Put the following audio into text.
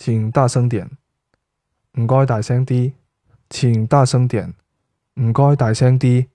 請大聲點，唔該大聲啲。請大聲點，唔該大聲啲。